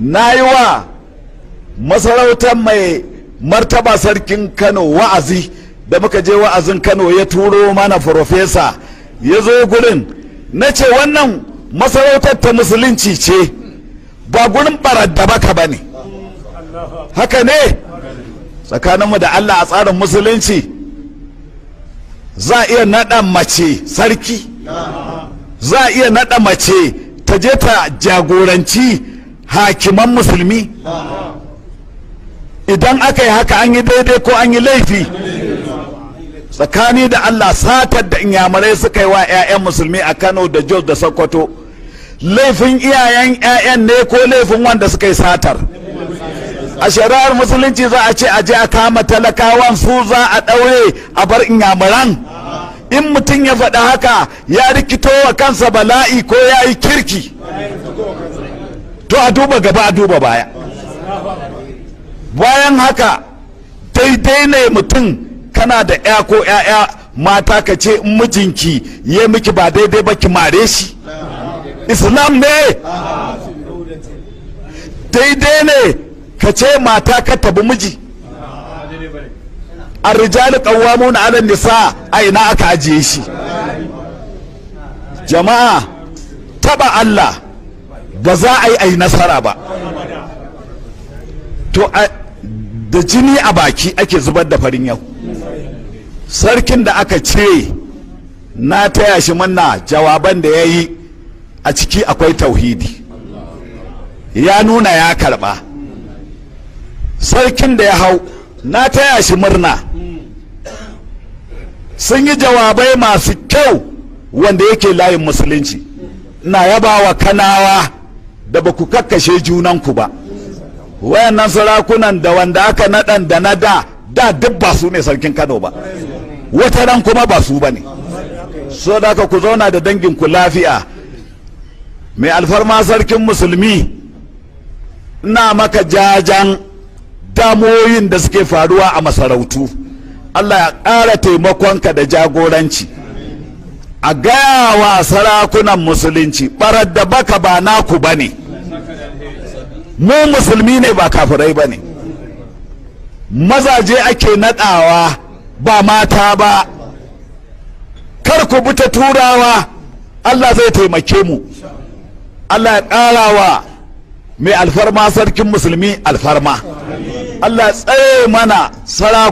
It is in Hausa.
na yi wa masarautar mai martaba sarkin kano wa'azi da muka je wa'azin kano ya turo mana farfesa ya zo gurin na ce wannan masarautar ta musulunci ce ba gurin baradda baka ba ne haka ne tsakaninmu da allah a tsarin musulunci za a iya naɗa mace sarki za a iya naɗa mace ta je ta jagoranci hakiman musulmi idan aka yi haka an yi daidai ko an yi laifi tsakani da allah satar da inyamurai suka yi wa 'ya'yan musulmi a kano da jos da sokoto laifin iyayen 'ya'yan ne ko laifin wanda suka yi satar a shari'ar musulunci za a ce a je a kama talakawan su za a ɗaure a bar inyamuran in mutum ya faɗa haka ya rikito wa kansa bala'i ko ya yi kirki to a duba gaba a duba baya bayan haka daidai ne mutum kana da ya ko ya'ya mata ka ce mijinki ya miki ba daidai ba ki mare shi islam ne daidai ne ka ce mata ka tabi miji a rijali na ala nisa a ina aka ajiye shi jama'a taba Allah ba za a yi a yi nasara ba to da jini a baki ake zubar da farin yau sarkin da aka ce na taya shi manna jawaban da ya yi a ciki akwai tauhidi ya nuna ya karba sarkin da ya hau na taya shi murna sun yi jawabai masu kyau wanda yake layin musulunci na yabawa kanawa da ba ku kakkashe ku ba wayannan sarakunan da wanda aka naɗan da na da da duk ba su ne sarkin kano ba wata ran kuma ba su ba so da ku zauna da danginku lafiya mai alfarma sarkin musulmi ina maka jajan damoyin da suke faruwa a masarautu allah ya ƙara taimakonka da jagoranci a gaya wa sarakunan musulunci barar da baka ba naku ba ne mu musulmi ne ba kafirai ba ne mazaje ake naɗawa ba mata ba kar ku bi ta turawa allah zai taimake mu allah ya ƙara wa mai alfarma sarkin musulmi alfarma allah ya tsaye mana sarakuna